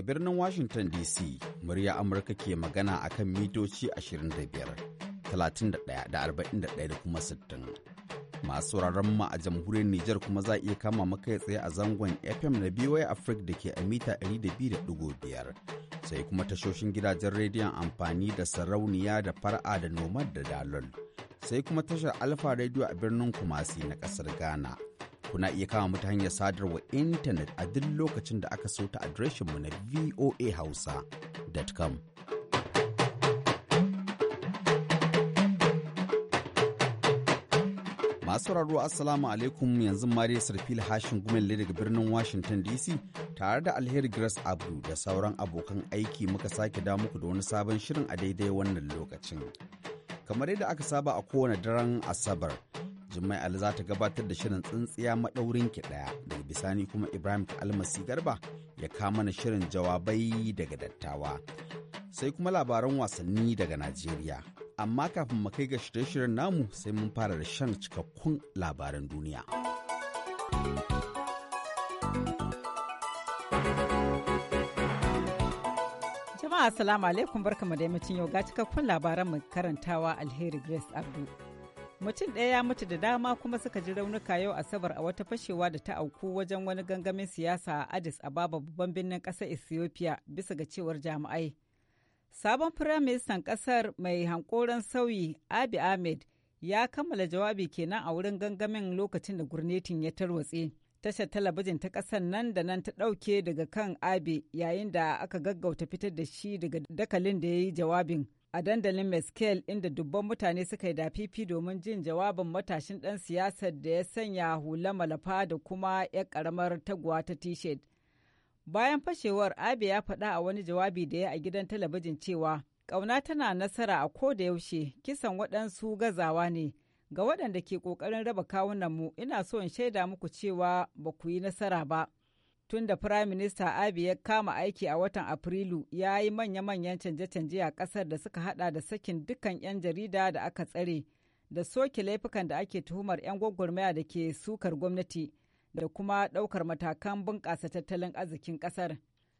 daga birnin Washington DC, murya Amurka ke magana a kan mitoci 25, 31 da da kuma 60. Masu wuraren mu a jamhuriyar Nijar kuma za a iya kama maka tsaye a zangon FM na BY Africa da ke a mita 200.5. Sai kuma tashoshin gidajen rediyon amfani da sarauniya da far'a da nomad da dalol. Sai kuma tashar Alfa Radio a birnin Kumasi na ƙasar Ghana. kuna iya kama mu ta hanyar sadarwa intanet a duk lokacin da aka so ta mu na voahausa.com. masu sauraro assalamu alaikum yanzu mariya sarfil hashin gumelle daga birnin washington dc tare da alheri grace abdu da sauran abokan aiki muka sake da muku da wani sabon shirin a daidai wannan lokacin kamar yadda aka saba a kowane daren asabar Jummai Ali za ta gabatar da shirin tsintsiya maɗaurin ki ɗaya daga bisani kuma Ibrahim Almasi Garba ya kama na shirin jawabai daga dattawa. Sai kuma labaran wasanni daga Najeriya. Amma kafin mu kai ga shirye-shiryen namu sai mun fara da shan cikakkun labaran duniya. Jama'a salamu alaikum barkamu da yammacin yau ga cikakkun labaran mu karantawa alheri Grace Abdu. mutum ɗaya ya mutu da dama kuma suka ji raunuka yau asabar a wata fashewa da ta auku wajen wani gangamin siyasa a addis ababa babban birnin ƙasar ethiopia bisa ga cewar jami'ai sabon firaministan ƙasar mai hankoron sauyi abi ahmed ya kammala jawabi kenan a wurin gangamin lokacin da gurnetin ya tarwatse tashar talabijin ta ƙasar nan da nan ta ɗauke daga kan abi yayin da aka gaggauta fitar da shi daga dakalin da ya yi jawabin a dandalin meskel inda dubban mutane suka yi dafifi domin jin jawabin matashin ɗan siyasar da ya sanya hula malafa da kuma 'yar ƙaramar taguwa ta t-shirt bayan fashewar abe ya faɗa a wani jawabi da ya a gidan talabijin cewa ƙauna tana nasara a ko da yaushe kisan waɗansu gazawa ne ga waɗanda ke ƙoƙarin raba kawunanmu ina so in shaida muku cewa ba ku yi nasara ba tun da Firayim Minista Abi ya kama aiki a watan Afrilu ya yi manya-manyan canje-canje a ƙasar da suka hada da sakin dukkan 'yan jarida da aka tsare, da soke laifukan da ake tuhumar 'yan gwagwarmaya da ke sukar gwamnati, da kuma ɗaukar matakan bunƙasa tattalin arzikin ƙasar.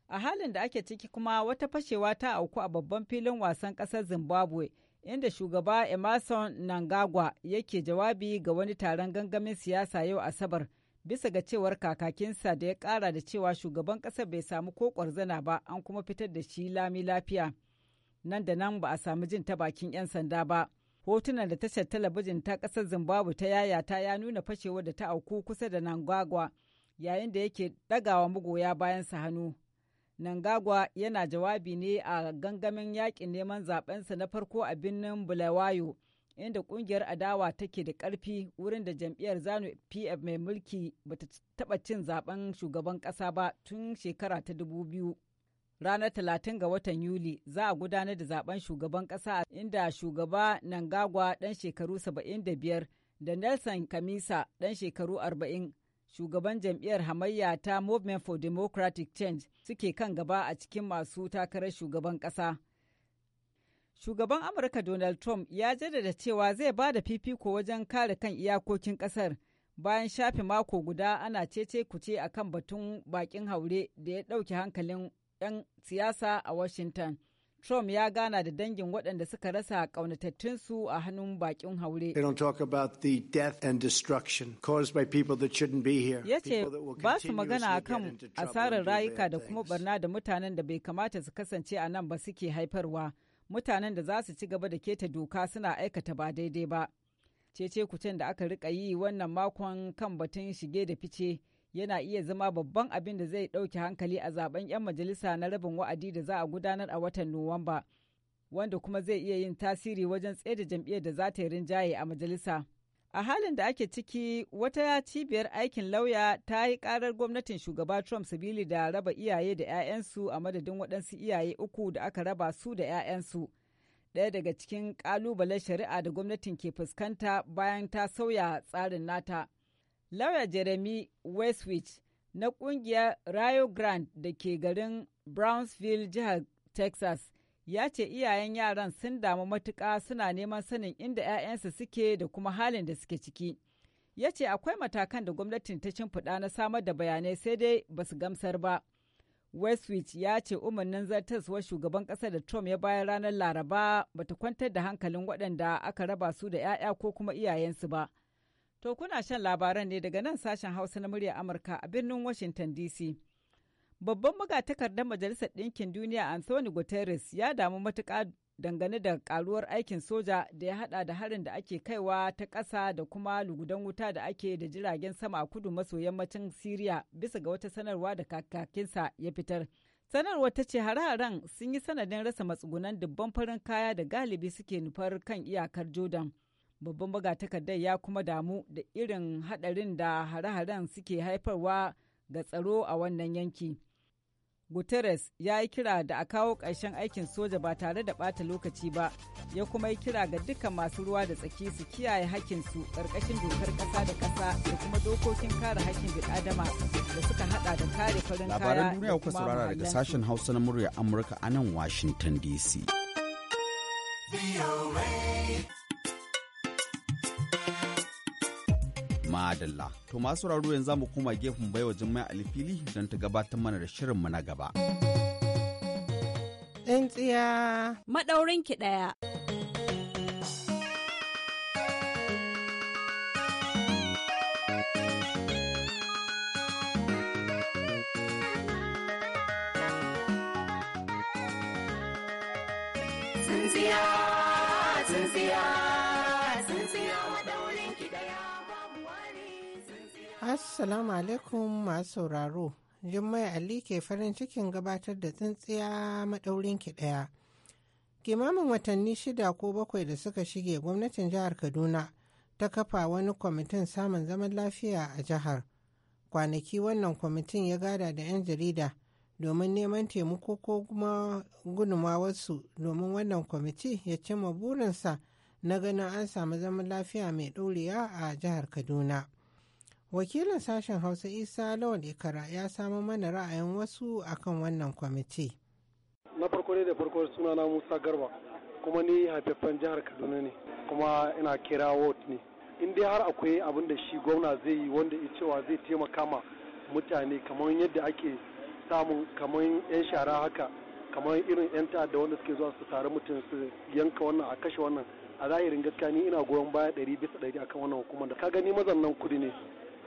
A halin da ake ciki kuma wata fashewa ta auku a babban filin wasan ƙasar Zimbabwe, inda shugaba Emerson Nangagwa yake jawabi ga wani taron gangamin siyasa yau Asabar. bisa ga cewar kakakinsa da ya kara da cewa shugaban kasar bai samu ko kwarzana ba an kuma fitar da shi lami lafiya nan da nan ba a samu jin ta bakin 'yan sanda ba hotunan da tashar talabijin ta kasar zimbabwe ta yayata ya nuna fashewar da ta auku kusa da nangagwa yayin da yake dagawa magoya bayansa hannu nangagwa yana jawabi ne a gangamin yakin neman zabensa na farko a birnin bulawayo inda kungiyar adawa take da karfi wurin da jam'iyyar zanu pf mai mulki bata taba cin zaben shugaban kasa ba tun shekara ta dubu biyu ranar talatin ga watan yuli za a gudanar da zaben shugaban kasa inda shugaba nangagwa dan shekaru saba'in da biyar da nelson kamisa dan shekaru arba'in shugaban jam'iyyar hamayya ta movement for democratic change suke kan gaba a cikin masu takarar shugaban kasa. shugaban amurka donald trump ya jaddada cewa zai ba da fifiko wajen kare kan iyakokin kasar bayan shafe mako guda ana cece kuce a kan batun bakin haure da ya ɗauke hankalin 'yan siyasa a washington trump ya gana da dangin waɗanda suka rasa ƙaunatattunsu a hannun bakin haure ya ce ba su magana a kan asarar rayuka da kuma barna da mutanen da bai kamata su kasance a nan ba suke haifarwa. mutanen da za su ci gaba da keta doka suna aikata ba daidai ba. Cece kucin da aka rika yi wannan makon kan batun shige da fice yana iya zama babban abin da zai ɗauke hankali a zaben 'yan majalisa na rabin wa'adi da za a gudanar a watan Nuwamba, wanda kuma zai iya yin tasiri wajen tsaye da jam'iyyar da za ta yi rinjaye a majalisa. A halin da ake ciki wata cibiyar aikin lauya ta yi karar gwamnatin shugaba Trump sabili da raba iyaye da 'ya'yansu a madadin waɗansu iyaye uku da aka raba su da 'ya'yansu. Ɗaya daga cikin ƙalubalen shari'a da gwamnatin ke fuskanta bayan ta sauya tsarin nata. Lauya Jeremy Westwich na ƙungiyar Rio Grande da ke garin Brownsville, jihar Texas, ya ce iyayen yaran sun damu matuƙa suna neman sanin inda 'ya'yansu suke da kuma halin da suke ciki. Ya ce akwai matakan da gwamnatin ta shimfiɗa na samar da bayanai sai dai ba su gamsar ba. Westwich ya ce umarnin zartaswar shugaban ƙasa da Trump ya bayar ranar Laraba ba ta kwantar da hankalin waɗanda aka raba su da 'ya'ya ko kuma iyayensu ba. To kuna shan labaran ne daga nan sashen Hausa na murya Amurka a birnin Washington DC. Babban magatakardar Majalisar Ɗinkin Duniya Anthony Guterres ya damu matuƙa dangane da karuwar aikin soja da ya haɗa da harin da ake kaiwa ta ƙasa da kuma lugudan wuta da ake da jiragen sama a kudu maso yammacin Siriya bisa ga wata sanarwa da kakakinsa ya fitar. sanarwa ta ce hare sun yi sanadin rasa matsugunan dubban farin kaya da galibi suke nufar kan iyakar Jordan. Babban magatakardar ya kuma damu da irin haɗarin da hare-haren suke haifarwa ga tsaro a wannan yanki. Guterres ya yi kira da a kawo ƙarshen aikin soja ba tare da ɓata lokaci ba, ya kuma yi kira ga dukkan masu ruwa da tsaki su kiyaye hakkinsu ƙarƙashin dokar ƙasa da ƙasa da kuma dokokin kare hakkin bil'adama da suka haɗa da kare farin kaya. Labaran duniya kuka saurara daga sashen Hausa na murya Amurka a nan Washington DC. Madalla. To masu sauraro yanzu mu koma gefen baiwa ali Alfili don ta gabatar mana da shirinmu na gaba. Ɗan Maɗaurin ki ɗaya. Tsintsiya, tsintsiya. Assalamu alaikum masu sauraro. Jummai Ali ke farin cikin gabatar da tsintsiya maɗaurin ki ɗaya. Kimamin watanni shida ko bakwai da suka shige gwamnatin jihar Kaduna ta kafa wani kwamitin samun zaman lafiya a jihar. Kwanaki wannan kwamitin ya gada da 'yan jarida domin neman taimako ko kuma gudumawarsu domin wannan kwamiti ya cimma burinsa na ganin an samu zaman lafiya mai ɗorewa a jihar Kaduna. wakilin sashen hausa isa lawan ikara ya samo mana ra'ayin wasu akan wannan kwamiti na farko ne da farko suna na musa garba kuma ni haifaffen jihar kaduna ne kuma ina kira ward ne in dai har akwai abin da shi gwamna zai yi wanda ya cewa zai taimaka ma mutane kamar yadda ake samun kamar yan shara haka kamar irin yan ta'adda wanda suke zuwa su tare mutum su yanka wannan a kashe wannan a zahirin gaskiya ni ina goyon baya ɗari bisa ɗari akan wannan hukumar da ka gani mazannan kudi ne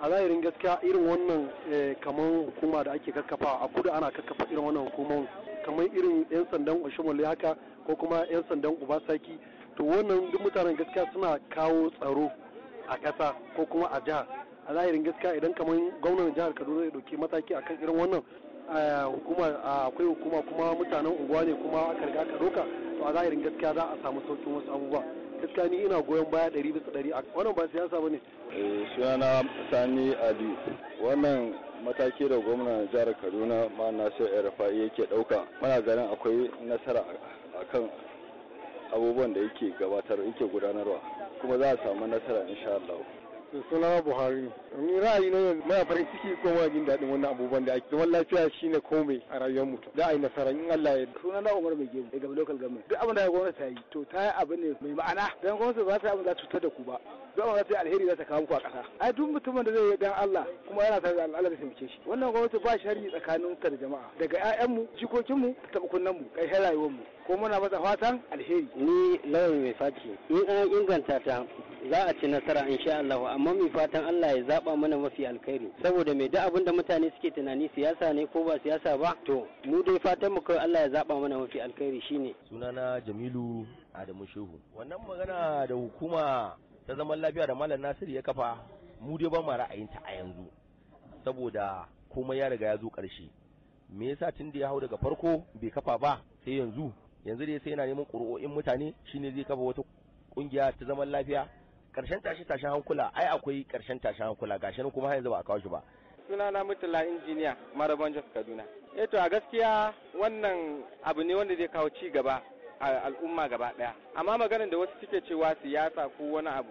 a zahirin gaskiya irin wannan eh, kamar hukuma da ake kakkafa a kudu ana kakkafa irin wannan hukumar kamar irin yan sandan oshimole haka ko kuma yan sandan ubasaki to wannan duk mutanen gaskiya suna kawo tsaro a ƙasa ko kuma a jihar a zahirin gaskiya idan kamar gwamnan jihar kaduna ya ɗauki mataki akan irin wannan eh, hukuma akwai hukuma kuma mutanen unguwa ne kuma aka riga aka doka to a zahirin gaskiya za a samu saukin wasu abubuwa gaskiya ni ina goyon baya ɗari bisa ɗari wannan ba siyasa ba ne. Eh, sunana sani ali wannan mataki da gwamnan jihar kaduna ma nasir erfa'i yake ɗauka mana ganin akwai nasara a kan abubuwan da yake gabatar yake gudanarwa kuma za a samu nasara insha Allah. sunana buhari ni ra'ayi na muna farin ciki ko muna jin daɗin wannan abubuwan da ake zaman lafiya shine komai a rayuwar mutum. za a nasara in Allah ya sunana umar mai gemu daga local government duk abin da gwamnati ta yi to ta yi abin ne mai ma'ana dan gwamnati ba ta yi abin da cutar da ku ba zama za ta alheri za ta kawo muku a ƙasa ai duk mutumin da zai yi dan Allah kuma yana tare da Allah da taimake shi wannan gwamnati ba sharri tsakanin ta da jama'a daga ƴaƴanmu jikokinmu tabakunnan mu kai rayuwarmu ko muna masa fatan alheri ni lawan mai fati in an inganta ta za a ci nasara insha Allah amma mai fatan Allah ya zaba mana mafi alkhairi saboda mai da abin da mutane suke tunani siyasa ne ko ba siyasa ba to mu dai fatan mu kai Allah ya zaba mana mafi alkhairi shine sunana Jamilu Adamu Shehu wannan magana da hukuma ta zaman lafiya da malam Nasiru ya kafa mu dai ba mu ra'ayinta a yanzu saboda komai ya riga ya zo ƙarshe me yasa tun da ya hau daga farko bai kafa ba sai yanzu yanzu dai sai yana neman ƙuri'o'in mutane shine zai kafa wata ƙungiya ta zaman lafiya ƙarshen tashi tashin hankula ai akwai ƙarshen tashin hankula gashi kuma har yanzu ba a kawo shi ba sunana mutula injiniya maraban jos kaduna eh to a gaskiya wannan abu ne wanda zai kawo ci gaba al'umma gaba ɗaya. amma maganar da wasu suke cewa siyasa ko wani abu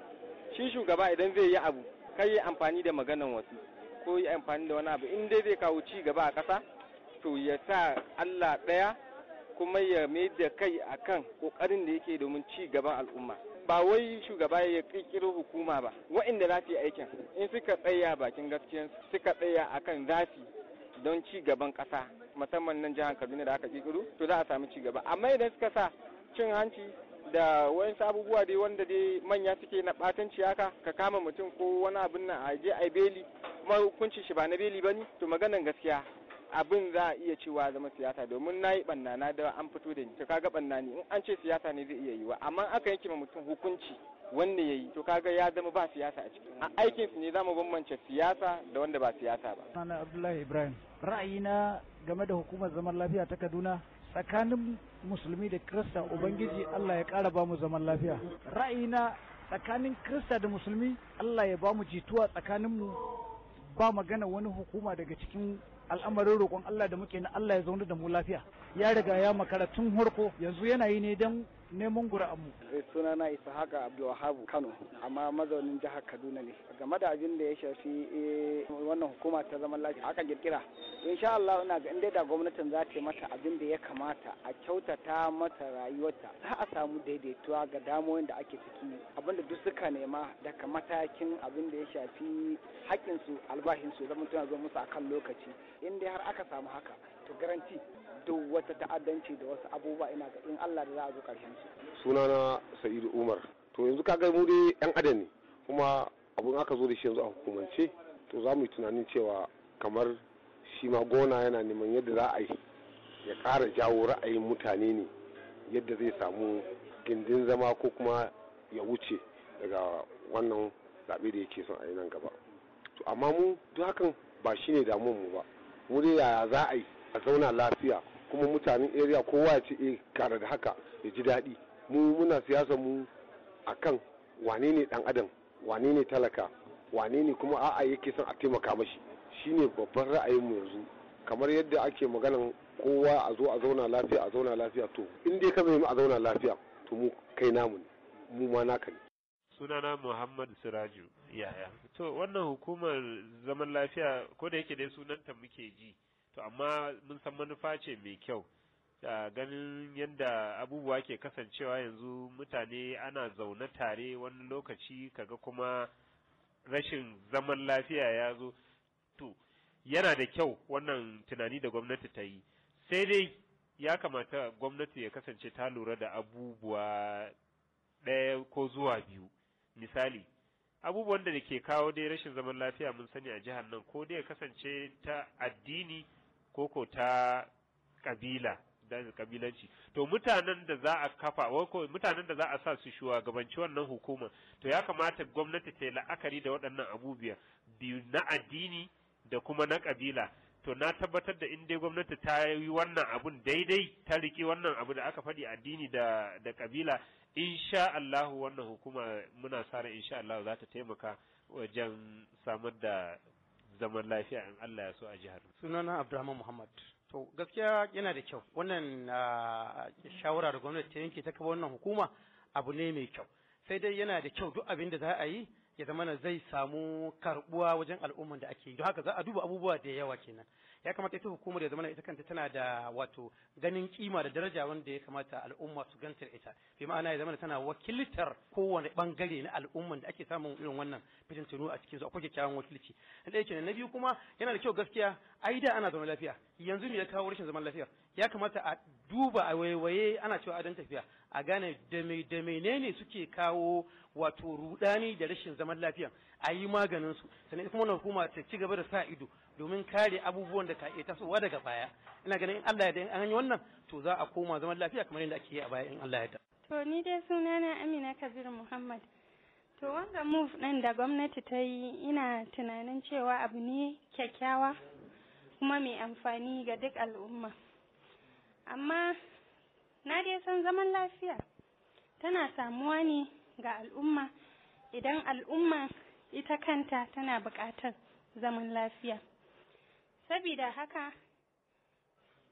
shi shugaba idan zai yi abu kai yi amfani da maganan wasu ko yi amfani da wani abu in dai zai kawo ci gaba a ƙasa to ya sa Allah ɗaya kuma ya mai da kai akan ƙoƙarin da yake domin ci gaban al'umma ba wai shugaba ya kirkiro hukuma ba wa'inda za su yi aikin in suka tsaya bakin gaskiya suka tsaya akan zafi don ci gaban ƙasa musamman nan jihar kaduna da aka kirkiro to za a samu ci gaba amma idan suka sa cin hanci da wayansu abubuwa dai wanda dai manya suke na batanci haka ka kama mutum ko wani abin nan a a beli kuma hukuncin shi ba na beli bane to maganan gaskiya abin za a iya cewa zama siyasa domin na yi bannana da an fito da ni to kaga banna in an ce siyasa ne zai iya yiwa amma aka yanke ma mutum hukunci wanda ya yi to kaga ya zama ba siyasa a ciki a aikin ne za mu bambance siyasa da wanda ba siyasa ba. Sunana Abdullahi Ibrahim ra'ayina game da hukumar zaman lafiya ta Kaduna tsakanin musulmi da Kirista Ubangiji Allah ya ƙara bamu zaman lafiya. ra'ayi na tsakanin Kirista da musulmi Allah ya bamu mu jituwa tsakaninmu ba magana wani hukuma daga cikin al'amarin roƙon Allah da muke na Allah ya zaune da mu lafiya. Ya riga ya makara tun harko yanzu yana yi ne dan. neman mu. sunana Isahaka Abdulwahabu Kano amma mazaunin jihar Kaduna ne game da abin da ya shafi eh, wannan hukuma ta zaman lafiya aka kirkira sha Allah ina ga inda da gwamnatin za ta mata abin da ya kamata a kyautata mata rayuwarta za a samu daidaituwa ga damoyin da ake ciki abin da duk suka nema daga matakin abin da ya shafi haƙƙinsu albashinsu zama tana zo musu akan lokaci in dai har aka samu haka to garanti duk wata ta'addanci da wasu abubuwa ina ga in Allah da za a zo karshen su sunana Sa'idu Umar to yanzu kaga mu dai yan adam ne kuma abun aka zo da shi yanzu a hukumance to za mu yi tunanin cewa kamar shi ma gona yana neman yadda za a yi ya ƙara jawo ra'ayin mutane ne yadda zai samu gindin zama ko kuma ya wuce daga wannan zaɓe da yake son a yi nan gaba to amma mu duk hakan ba shine damuwar mu ba mu dai yaya za a yi a zauna lafiya kuma mutanen area kowa ya ci eh kara da haka ya ji daɗi mu muna siyasa mu akan wane ne dan adam wane ne talaka wane ne kuma a'a yake son a taimaka mashi shine babban ra'ayin mu yanzu kamar yadda ake maganan kowa a zo a zauna lafiya a zauna lafiya to in dai ka mu a zauna lafiya to mu kai namu ne mu ma naka ne sunana Muhammad Siraju yaya to wannan hukumar zaman lafiya ko da yake dai sunanta muke ji to amma mun san manufa ce mai kyau ganin yadda abubuwa ke kasancewa yanzu mutane ana zaune tare wani lokaci kaga kuma rashin zaman lafiya ya zo to yana da kyau wannan tunani da gwamnati ta yi sai dai ya kamata gwamnati ya kasance ta lura da abubuwa ɗaya ko zuwa biyu misali abubuwan da ke kawo dai rashin zaman lafiya mun sani a jihar nan ko dai ya kasance ta addini koko ta kabila da kabilanci to mutanen da za a kafa ko mutanen da za a sa su shugabanci wannan hukuma to ya kamata gwamnati ta yi la'akari da waɗannan abubuwa biyu na addini da kuma na kabila to na tabbatar da in dai gwamnati ta yi wannan abun daidai ta riki wannan abu da aka faɗi addini da da kabila insha Allah wannan hukuma muna sa ran insha Allah za ta taimaka wajen samar da zaman lafiya in Allah ya so a jihar. Sunana Abdulrahman Muhammad. To gaskiya yana da kyau wannan ah, shawara da gwamnati ta yanke ta kafa wannan hukuma abu ne mai kyau. Sai dai yana da kyau duk abin da za a yi ya zama zai samu karbuwa wajen al'umman da ake yi. Don haka za a duba abubuwa da yawa kenan. ya kamata ita hukumar ya zama ita kanta tana da wato ganin kima da daraja wanda ya kamata al'umma su gantar ita bi ma'ana ya zama tana wakiltar kowane bangare na al'umman da ake samun irin wannan fitintunu a cikin su akwai kyakkyawan wakilci da kenan na biyu kuma yana da kyau gaskiya ai da ana zaman lafiya yanzu ne ya kawo rashin zaman lafiya ya kamata a duba a waiwaye ana cewa adon tafiya a gane da menene suke kawo wato rudani da rashin zaman lafiya a yi maganin su sannan kuma wannan hukuma ta ci gaba da sa ido domin kare abubuwan da ka iya tasowa daga baya ina ganin in Allah ya da in an yi wannan to za a koma zaman lafiya kamar yadda ake yi a baya in Allah ya da to ni dai sunana Amina Kabir Muhammad to wanda move ɗin da gwamnati ta yi ina tunanin cewa abu ne kyakkyawa kuma mai amfani ga duk al'umma amma na dai san zaman lafiya tana samuwa ne ga al'umma idan al'umma ita kanta tana buƙatar zaman lafiya sabida haka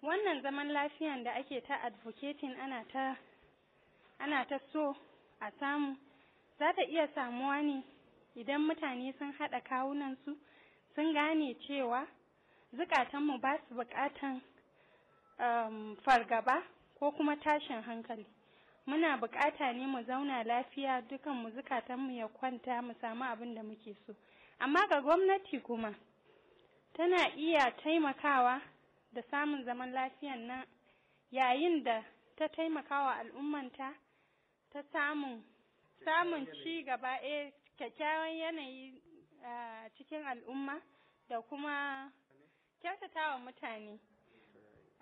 wannan zaman lafiyan da ake ta advocating ana ta ana ta so a samu za ta iya samuwa ne idan mutane sun haɗa kawunansu sun gane cewa zukatanmu ba su buƙatan um, fargaba ko kuma tashin hankali muna bukata ne mu zauna lafiya dukan mu zukatanmu ya kwanta mu samu abin da muke so amma ga gwamnati kuma tana iya taimakawa da samun zaman lafiyan nan yayin da ta taimakawa al'ummanta ta samun samun ci gaba eh kyakkyawan yanayi a cikin al'umma da kuma kyautatawa mutane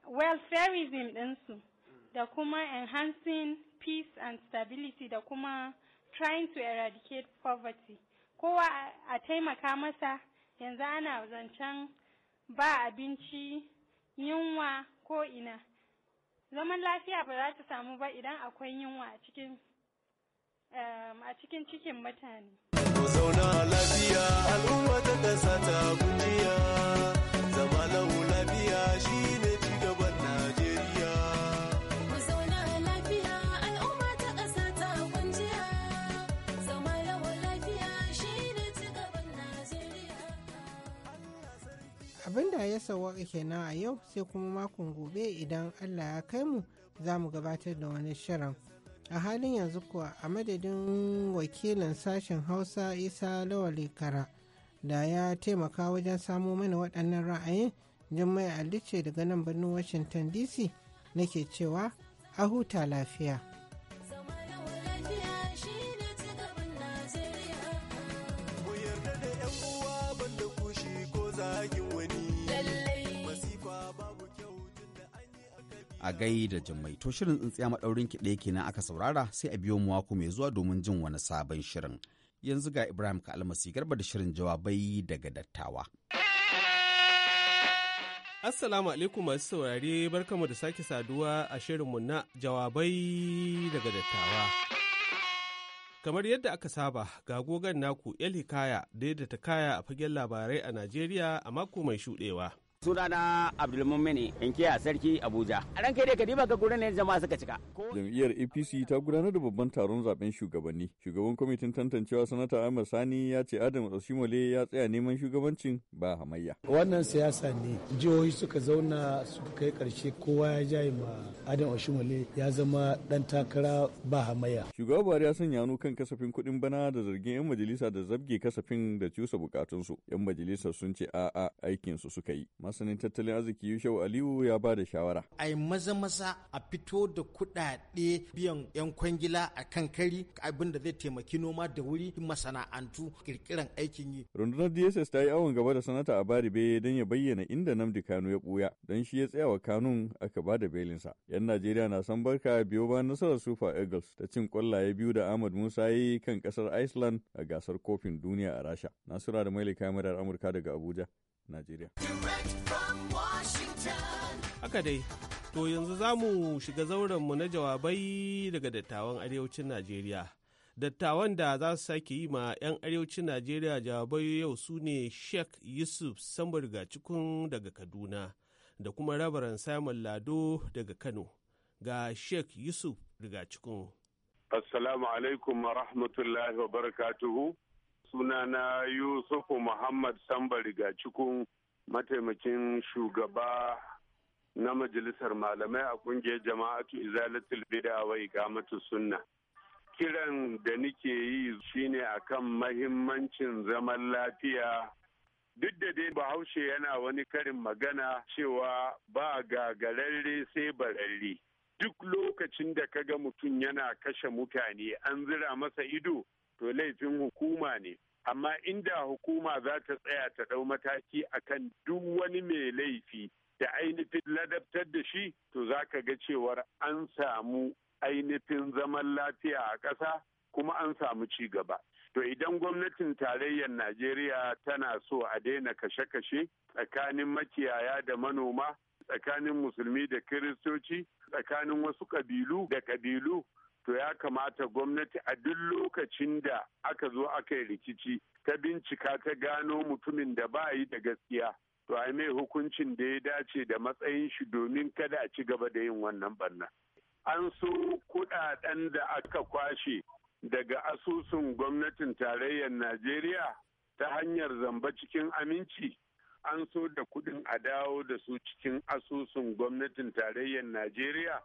welfareism ɗinsu da kuma enhancing peace and stability da kuma trying to eradicate poverty kowa a taimaka masa yanzu ana zancen ba abinci yunwa ko ina zaman lafiya ba za ta samu ba idan akwai yunwa a cikin um, a cikin cikin mutane zauna lafiya abin da ya sawaka kenan a yau sai kuma makon gobe idan allah ya kai mu za mu gabatar da wani shirin a halin yanzu kuwa a madadin wakilin sashen hausa isa lawali kara da ya taimaka wajen samo mana waɗannan ra'ayin jimmai alice daga nan birnin washington dc nake cewa a huta lafiya a gaida da jimmai to shirin tsintsiya maɗaurin ki ɗaya kenan aka saurara sai a biyo mu wako mai zuwa domin jin wani sabon shirin yanzu ga ibrahim ka almasi garba da shirin jawabai daga dattawa assalamu alaikum masu saurare barkamu da sake saduwa a shirinmu na jawabai daga dattawa Kamar yadda aka saba, ga gogon naku Eli Kaya daidaita kaya a fagen labarai a Najeriya a mako mai shuɗewa. sunana abdulmumini a sarki abuja a ran kai kadiba ga gurin ne jama'a suka cika jam'iyyar apc ta gudanar da babban taron zaben shugabanni shugaban kwamitin tantancewa sanata ahmad sani ya ce adam osimole ya tsaya neman shugabancin ba hamayya wannan siyasa ne jihohi suka zauna suka kai karshe kowa ya jaye ma adam osimole ya zama dan takara ba hamayya shugaba buhari ya sanya hannu kan kasafin kuɗin bana da zargin yan majalisa da zabge kasafin da cusa bukatunsu yan majalisa sun ce a'a aikinsu suka yi masanin tattalin arziki yushau aliyu ya ba da shawara a maza maza a fito da kuɗaɗe biyan 'yan kwangila a kan kari abin da zai taimaki noma da wuri masana'antu kirkiran aikin yi rundunar dss ta yi awon gaba da sanata a baribe don ya bayyana inda namdi kano ya buya don shi ya tsayawa wa kanun aka ba da belinsa yan najeriya na san barka biyo ba nasarar super eagles ta cin kwallaye biyu da ahmad musa yi kan kasar iceland a gasar kofin duniya a rasha nasura da mai da amurka daga abuja Najeriya. Haka dai, to yanzu za mu shiga mu na jawabai daga dattawan arewacin Najeriya. Dattawan da za su sake yi ma 'yan arewacin Najeriya jawabai yau su ne Sheikh Yusuf Samburga Cikun daga Kaduna da kuma Rabaran Simon Lado daga Kano ga Sheikh Yusuf Rigacikun. Assalamu alaikum wa rahmatullahi wa barakatuhu. sunana yusufu muhammad sambari ga mataimakin shugaba na majalisar malamai a kungiyar jama'atu izalatul bid'a wa sunna kiran da nike yi shine akan mahimmancin zaman lafiya duk da dai bahaushe yana wani karin magana cewa ba gagararre sai bararre duk lokacin da kaga mutum yana kashe mutane an zira masa ido to laifin hukuma ne amma inda hukuma za ta tsaya ta ɗau mataki akan duk wani mai laifi da ainihin ladabtar da shi to za ka ga cewar an samu ainihin zaman lafiya a ƙasa kuma an samu cigaba To idan gwamnatin tarayyar Najeriya tana so a daina kashe-kashe tsakanin makiyaya da manoma, tsakanin musulmi da kiristoci, tsakanin wasu ƙabilu da ƙabilu, to ya kamata gwamnati a duk lokacin da aka zo aka yi rikici ta bincika ta gano mutumin da ba yi da gaskiya to a mai hukuncin da ya dace da matsayin shi domin kada a ci gaba da yin wannan barna an so kudaden da aka kwashe daga asusun gwamnatin tarayyar najeriya ta hanyar zamba cikin aminci an so da kudin a dawo da su cikin asusun gwamnatin tarayyar najeriya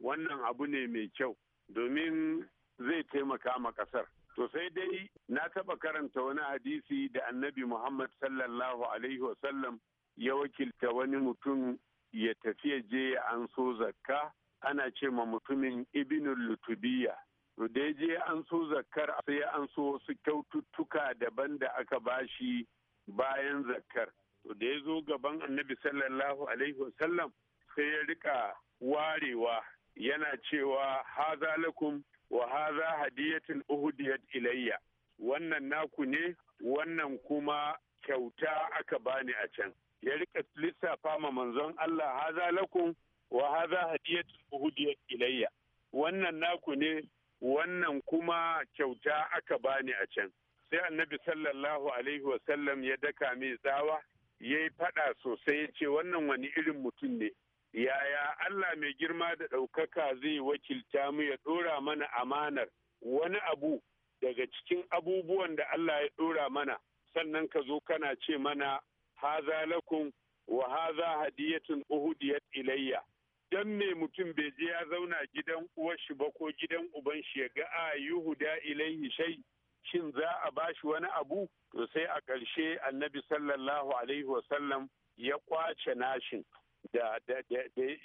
wannan abu ne mai kyau domin zai taimaka ma ƙasar. To dai na taɓa karanta wani hadisi da annabi Muhammad sallallahu Alaihi wasallam ya wakilta wani mutum ya tafi je an so zakka ana ce ma mutumin ibinul lutubiya. To dai je an so zakkar sai an so wasu kyaututtuka daban da aka bashi bayan zakkar. To da ya zo gaban annabi sallallahu Alaihi wasallam sai ya riƙa warewa yana cewa haza lakum wa haza hadiyatin uhudiyat ilayya wannan naku ne wannan kuma kyauta aka bani a can ya rika lissafa ma manzon Allah haza lakum wa haza hadiyatun uhudiyat ilayya wannan naku ne wannan kuma kyauta aka bani a can sai annabi sallallahu alaihi wasallam ya daka mai tsawa ya yi faɗa sosai ya ce wannan wani irin mutum ne yaya Allah mai girma da ɗaukaka zai wakilta mu ya ɗora mana amanar wani abu daga cikin abubuwan da Allah ya ɗora mana sannan ka zo kana ce mana haza lakum wa haza hadiyatun uhudiyat ilayya dan me mutum bai je ya zauna gidan uwar shi ba ko gidan uban shi ya ga a ilayhi shay shin za a bashi wani abu to sai a ƙarshe annabi sallallahu alaihi wa sallam ya kwace nashin da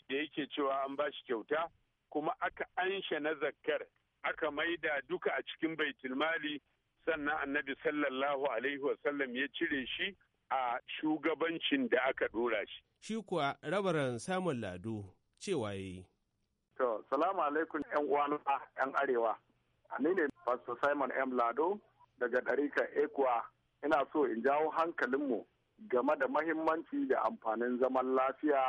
yake cewa an ba shi kyauta kuma aka ansha na zakkar aka maida duka a cikin baitulmali sannan annabi sallallahu alaihi wasallam ya cire shi a shugabancin da aka dora shi. Shi kuwa rabaran samun lado cewa yi. To, salamu alaikum ‘yan uwana ‘yan arewa. A ne Pastor Simon M. Lado daga ɗarika Ekuwa. Ina so in jawo hankalinmu game da mahimmanci da amfanin zaman lafiya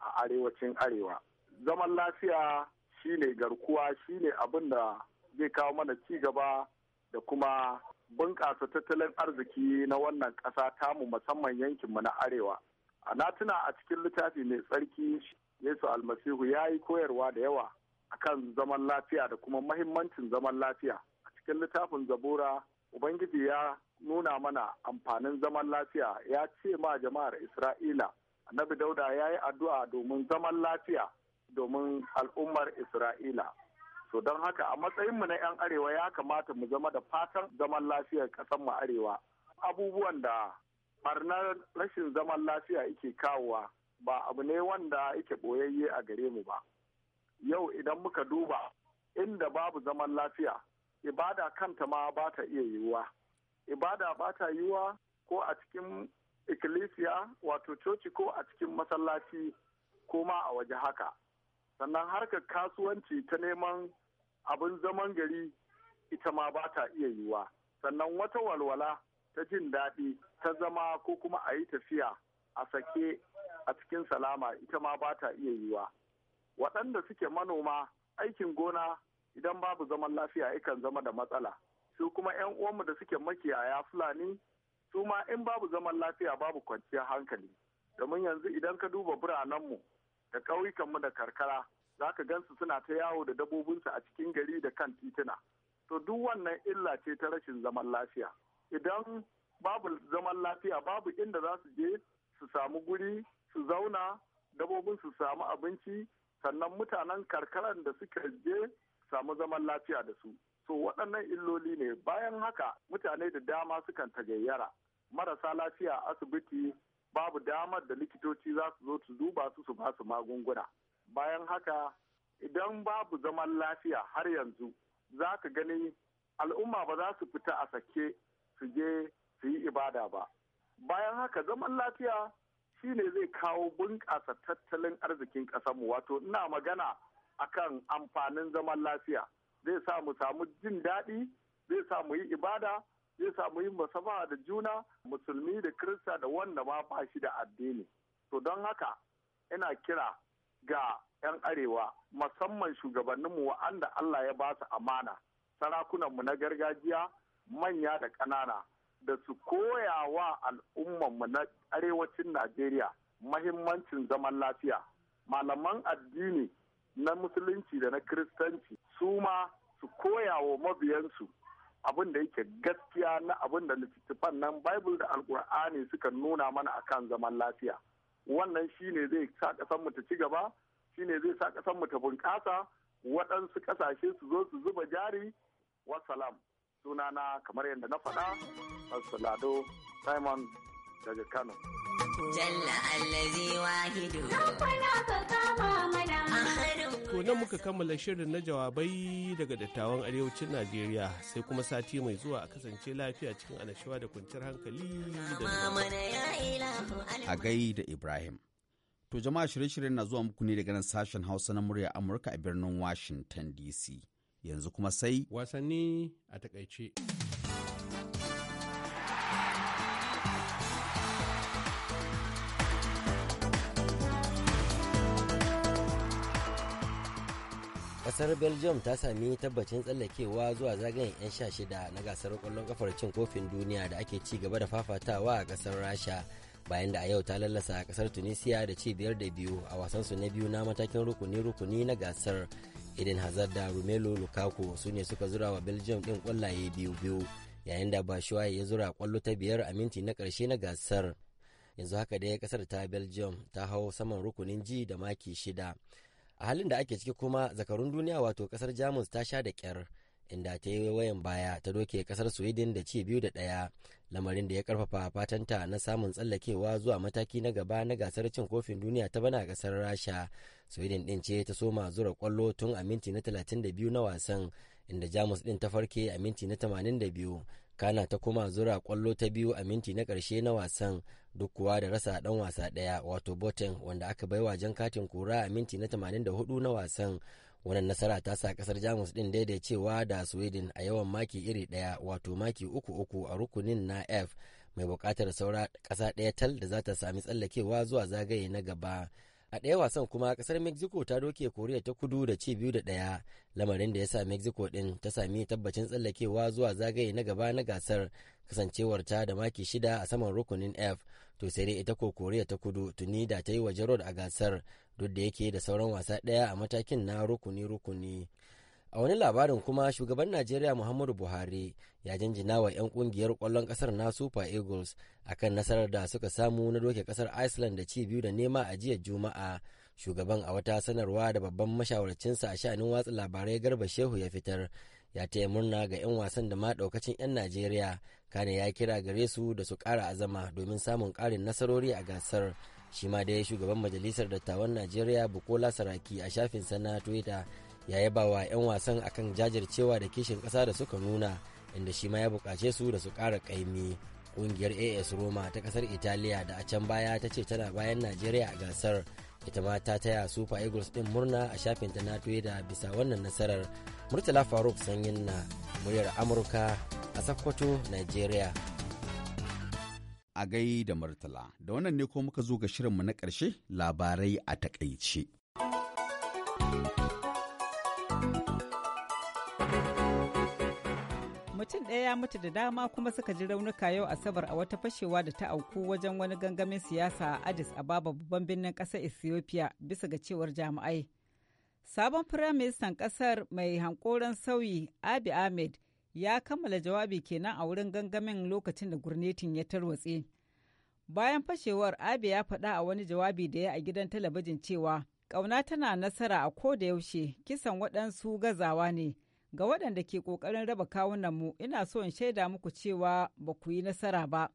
a arewacin arewa zaman lafiya shine garkuwa shine abin da zai kawo mana ci gaba da kuma bunƙasa tattalin arziki na wannan ƙasa tamu musamman yankinmu na arewa a na tuna a cikin littafi mai tsarki yesu almasihu ya yi koyarwa da yawa akan zaman lafiya da kuma mahimmancin zaman lafiya a cikin littafin zabura ubangiji ya nuna mana amfanin zaman lafiya ya ce ma jama'ar isra'ila annabi dauda ya yi addu'a domin zaman lafiya domin al'ummar isra'ila so don haka a matsayinmu na 'yan arewa ya kamata mu zama da fatan zaman lafiyar mu arewa abubuwan da barnar rashin zaman lafiya yake kawowa ba abu ne wanda yake ɓoyayye a gare mu ba yau idan muka duba inda babu zaman lafiya ibada kanta ma ba ta iya yiwuwa ibada ba ta yiwa ko a cikin ikkilisiya wato coci ko a cikin masallaci ko ma a waje haka sannan harkar kasuwanci ta neman abin zaman gari ita ma ba ta iya yiwa sannan wata walwala ta jin daɗi ta zama ko kuma a yi tafiya a sake a cikin salama ita ma ba ta iya yiwa waɗanda suke manoma aikin gona idan babu zaman lafiya yakan zama da matsala su kuma yan uwanmu da suke makiyaya fulani su ma in babu zaman lafiya babu kwanciyar hankali domin yanzu idan ka duba biranenmu da ƙauyukanmu da karkara za ka gansu suna ta yawo da dabobinsu a cikin gari da kan tituna to duk wannan illa ce ta rashin zaman lafiya idan babu zaman lafiya babu inda za su je su samu guri su zauna dabobin su samu abinci sannan mutanen karkaran da suka je samu zaman lafiya da su so waɗannan illoli ne bayan haka mutane da dama sukan tagayyara marasa lafiya asibiti babu damar da likitoci za su zo su duba su su ba su magunguna bayan haka idan babu zaman lafiya har yanzu za ka gani al'umma ba za su fita a sake su je su yi ibada ba bayan haka zaman lafiya shi ne zai kawo bunƙasa tattalin arzikin ƙasarmu wato ina magana akan amfanin zaman lafiya zai sa mu samu jin daɗi zai sa mu yi ibada zai sa mu yi musabaha da juna musulmi da kirista da wanda ma ba shi da addini to don haka ina kira ga 'yan arewa musamman shugabanninmu wa'anda Allah ya ba su amana sarakunanmu na gargajiya manya da ƙanana da su koya wa al'ummanmu na arewacin Najeriya mahimmancin zaman lafiya malaman addini na musulunci da na kiristanci su ma su koya wa mabiyansu abin da yake gaskiya na abin da littattafan nan bible da alkur'ani suka nuna mana akan zaman lafiya wannan shine zai sa ƙasar mu ta ci gaba shine zai sa ƙasar mu ta bunƙasa waɗansu ƙasashe su zo su zuba jari wasalam sunana kamar yadda na faɗa salado simon daga Kano. Jalla allazi wahidu. To nan muka kammala shirin na jawabai daga dattawan arewacin Najeriya sai kuma sati mai zuwa a kasance lafiya cikin annashuwa da kwanciyar hankali da A gai da Ibrahim. To jama'a shirye-shiryen na zuwa muku ne daga nan sashen Hausa na murya Amurka a birnin Washington DC. Yanzu kuma sai wasanni a takaice. kasar belgium ta sami tabbacin tsallakewa zuwa zagayen 'yan sha shida na gasar kwallon kafar cin kofin duniya da ake ci gaba da fafatawa a kasar rasha bayan da a yau ta lallasa kasar tunisia da ci biyar da biyu a wasansu na biyu na matakin rukuni-rukuni na gasar idan hazard da romelu lukaku su ne suka zura wa belgium din kwallaye biyu-biyu yayin da bashuwaye ya zura kwallo ta biyar a minti na karshe na gasar yanzu haka dai kasar ta belgium ta hau saman rukunin ji da maki shida a halin da ake ciki kuma zakarun duniya wato kasar jamus ta sha da kyar inda ta yi wayan baya ta doke kasar sweden da ci biyu da ɗaya lamarin da ya karfafa fatanta na samun tsallakewa zuwa mataki na gaba na gasar cin kofin duniya ta bana kasar rasha sweden din ce ta soma zura kwallo tun a minti na 32 na wasan inda jamus din ta farke a minti na 82 kana ta kuma zura kwallo ta biyu a minti na ƙarshe na wasan duk kuwa da rasa ɗan wasa ɗaya wato botin wanda aka baiwa jan katin kura a minti na 84 na wasan wannan nasara ta sa kasar jamus ɗin daidaicewa da sweden a yawan maki iri ɗaya wato maki uku uku a rukunin na f mai buƙatar saura ƙasa ɗaya tal da za ta sami tsallakewa zuwa zagaye na gaba a ɗaya wasan kuma ƙasar mexico ta doke koriya ta kudu da ci biyu da ɗaya lamarin da ya sa mexico ɗin ta sami tabbacin tsallakewa zuwa zagaye na gaba na gasar kasancewar ta da maki shida a saman rukunin f to sai dai ita ko koriya ta kudu tuni da ta yi wa jarod a gasar duk da yake da sauran wasa ɗaya a matakin na rukuni rukuni a wani labarin kuma shugaban najeriya muhammadu buhari ya janjina wa 'yan kungiyar kwallon kasar na super eagles akan nasarar da suka samu na doke kasar iceland da ci biyu da nema a jiya juma'a shugaban a wata sanarwa da babban mashawarcinsa a sha'anin watsa labarai garba shehu ya fitar ya taya murna ga 'yan wasan da ma daukacin 'yan najeriya kane ya kira gare su da su kara azama domin samun karin nasarori a gasar shi ma dai shugaban majalisar dattawan najeriya bukola saraki a shafinsa na twitter ya yaba wa 'yan wasan akan jajircewa da kishin ƙasa da suka nuna inda shi ma ya buƙace su da su kara kaimi ƙungiyar as roma ta ƙasar italiya da a can baya ta ce tana bayan najeriya a gasar ita ma ta taya super eagles ɗin murna a shafin ta na da bisa wannan nasarar murtala faruk sanyin na muryar amurka a sakkwato nigeria. a gai da murtala da wannan ne ko muka zo ga shirinmu na karshe labarai a takaice. mutum ɗaya ya mutu da dama kuma suka ji raunuka yau asabar a wata fashewa da ta auku wajen wani gangamin siyasa a addis ababa babban birnin ƙasar ethiopia bisa ga cewar jami'ai sabon firaministan ƙasar mai Hankoran sauyi abi ahmed ya kammala jawabi kenan a wurin gangamin lokacin da gurnetin ya tarwatse bayan fashewar abi ya faɗa a wani jawabi da ya a gidan talabijin cewa ƙauna tana nasara a ko da yaushe kisan waɗansu gazawa ne Ga waɗanda ke ƙoƙarin raba kawunan mu ina so in shaida muku cewa ba ku yi nasara ba.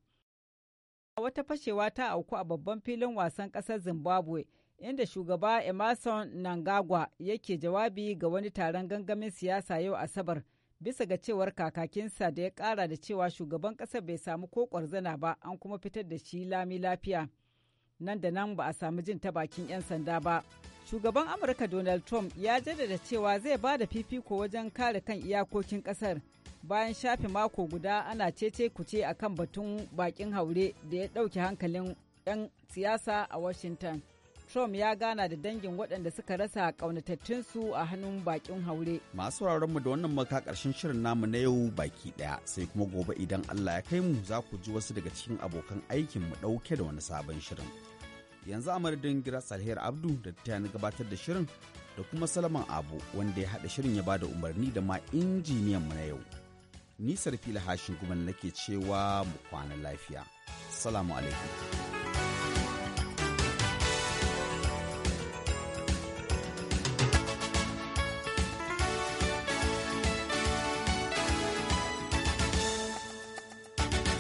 a Wata fashewa ta auku a babban filin wasan ƙasar Zimbabwe, inda shugaba Emerson Nangagwa yake jawabi ga wani taron gangamin siyasa yau Asabar. bisa ga cewar kakakinsa da ya kara da cewa shugaban ƙasar bai samu ko ƙwarzana ba an kuma fitar da shi lami lafiya nan da nan ba a samu jin ta bakin 'yan sanda ba shugaban amurka donald trump ya jaddada cewa zai ba da fifiko wajen kare kan iyakokin kasar bayan shafe mako guda ana cece kuce a kan batun bakin haure da ya ɗauke hankalin 'yan siyasa a washington trump ya gana da dangin waɗanda suka rasa ƙaunatattunsu a hannun bakin haure masu mu da wannan maka ƙarshen shirin namu na yau baki ɗaya sai kuma gobe idan allah ya kai mu za ku ji wasu daga cikin abokan aikin mu ɗauke da wani sabon shirin yanzu a madadin giras alher abdu da ta na gabatar da shirin da kuma salaman abu wanda ya haɗa shirin ya bada umarni da ma injiniyan mu na yau nisar fila hashin kuma nake cewa mu kwana lafiya salamu alaikum